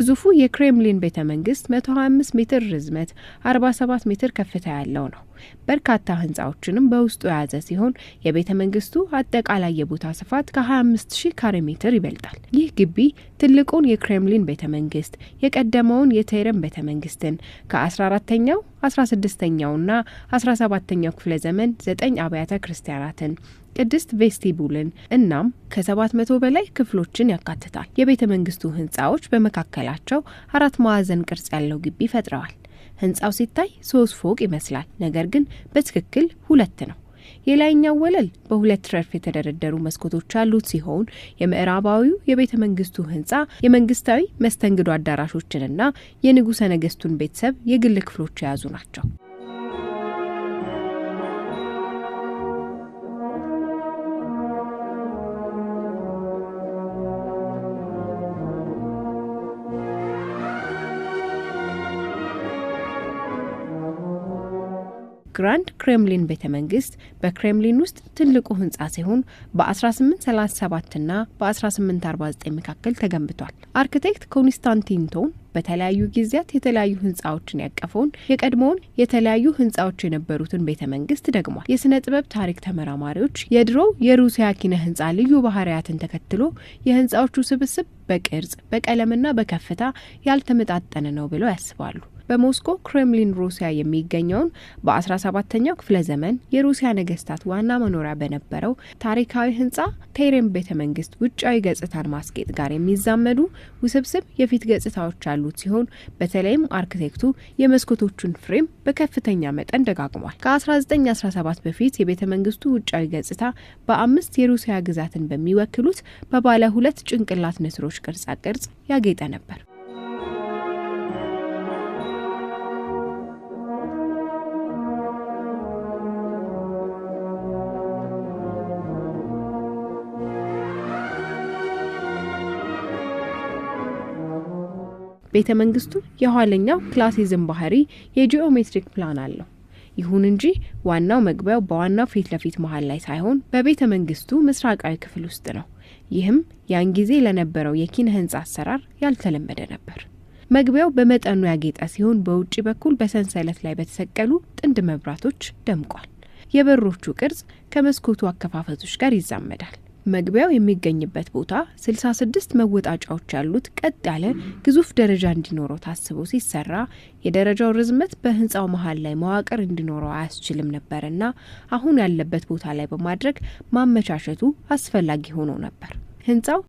ግዙፉ የክሬምሊን ቤተ መንግስት 125 ሜትር ርዝመት፣ 47 ሜትር ከፍታ ያለው ነው። በርካታ ህንፃዎችንም በውስጡ የያዘ ሲሆን የቤተ መንግስቱ አጠቃላይ የቦታ ስፋት ከ25000 ካሬ ሜትር ይበልጣል። ይህ ግቢ ትልቁን የክሬምሊን ቤተ መንግስት፣ የቀደመውን የቴረን ቤተ መንግስትን ከ14ተኛው 16ኛውና 17ኛው ክፍለ ዘመን ዘጠኝ አብያተ ክርስቲያናትን ቅድስት ቬስቲቡልን እናም ከ700 በላይ ክፍሎችን ያካትታል። የቤተ መንግስቱ ህንፃዎች በመካከላቸው አራት ማዕዘን ቅርጽ ያለው ግቢ ፈጥረዋል። ህንፃው ሲታይ ሶስት ፎቅ ይመስላል፣ ነገር ግን በትክክል ሁለት ነው። የላይኛው ወለል በሁለት ረድፍ የተደረደሩ መስኮቶች ያሉት ሲሆን የምዕራባዊው የቤተ መንግስቱ ህንጻ የመንግስታዊ መስተንግዶ አዳራሾችንና የንጉሰ ነገስቱን ቤተሰብ የግል ክፍሎች የያዙ ናቸው። ግራንድ ክሬምሊን ቤተ መንግስት በክሬምሊን ውስጥ ትልቁ ህንጻ ሲሆን በ1837 እና በ1849 መካከል ተገንብቷል። አርክቴክት ኮንስታንቲን ቶን በተለያዩ ጊዜያት የተለያዩ ህንፃዎችን ያቀፈውን የቀድሞውን የተለያዩ ህንፃዎች የነበሩትን ቤተ መንግስት ደግሟል። የስነ ጥበብ ታሪክ ተመራማሪዎች የድሮው የሩሲያ ኪነ ህንፃ ልዩ ባህሪያትን ተከትሎ የህንፃዎቹ ስብስብ በቅርጽ በቀለምና በከፍታ ያልተመጣጠነ ነው ብለው ያስባሉ። በሞስኮ ክሬምሊን ሩሲያ የሚገኘውን በ17ኛው ክፍለ ዘመን የሩሲያ ነገስታት ዋና መኖሪያ በነበረው ታሪካዊ ህንጻ ቴሬም ቤተ መንግስት ውጫዊ ገጽታን ማስጌጥ ጋር የሚዛመዱ ውስብስብ የፊት ገጽታዎች ያሉት ሲሆን በተለይም አርክቴክቱ የመስኮቶቹን ፍሬም በከፍተኛ መጠን ደጋግሟል። ከ1917 በፊት የቤተ መንግስቱ ውጫዊ ገጽታ በአምስት የሩሲያ ግዛትን በሚወክሉት በባለ ሁለት ጭንቅላት ንስሮች ቅርጻ ቅርጽ ያጌጠ ነበር። ቤተ መንግስቱ የኋለኛው ክላሲዝም ባህሪ የጂኦሜትሪክ ፕላን አለው። ይሁን እንጂ ዋናው መግቢያው በዋናው ፊት ለፊት መሀል ላይ ሳይሆን በቤተ መንግስቱ ምስራቃዊ ክፍል ውስጥ ነው። ይህም ያን ጊዜ ለነበረው የኪነ ህንጻ አሰራር ያልተለመደ ነበር። መግቢያው በመጠኑ ያጌጠ ሲሆን በውጭ በኩል በሰንሰለት ላይ በተሰቀሉ ጥንድ መብራቶች ደምቋል። የበሮቹ ቅርጽ ከመስኮቱ አከፋፈቶች ጋር ይዛመዳል። መግቢያው የሚገኝበት ቦታ 66 መወጣጫዎች ያሉት ቀጥ ያለ ግዙፍ ደረጃ እንዲኖረው ታስቦ ሲሰራ የደረጃው ርዝመት በህንፃው መሀል ላይ መዋቅር እንዲኖረው አያስችልም ነበርና አሁን ያለበት ቦታ ላይ በማድረግ ማመቻቸቱ አስፈላጊ ሆኖ ነበር። ህንፃው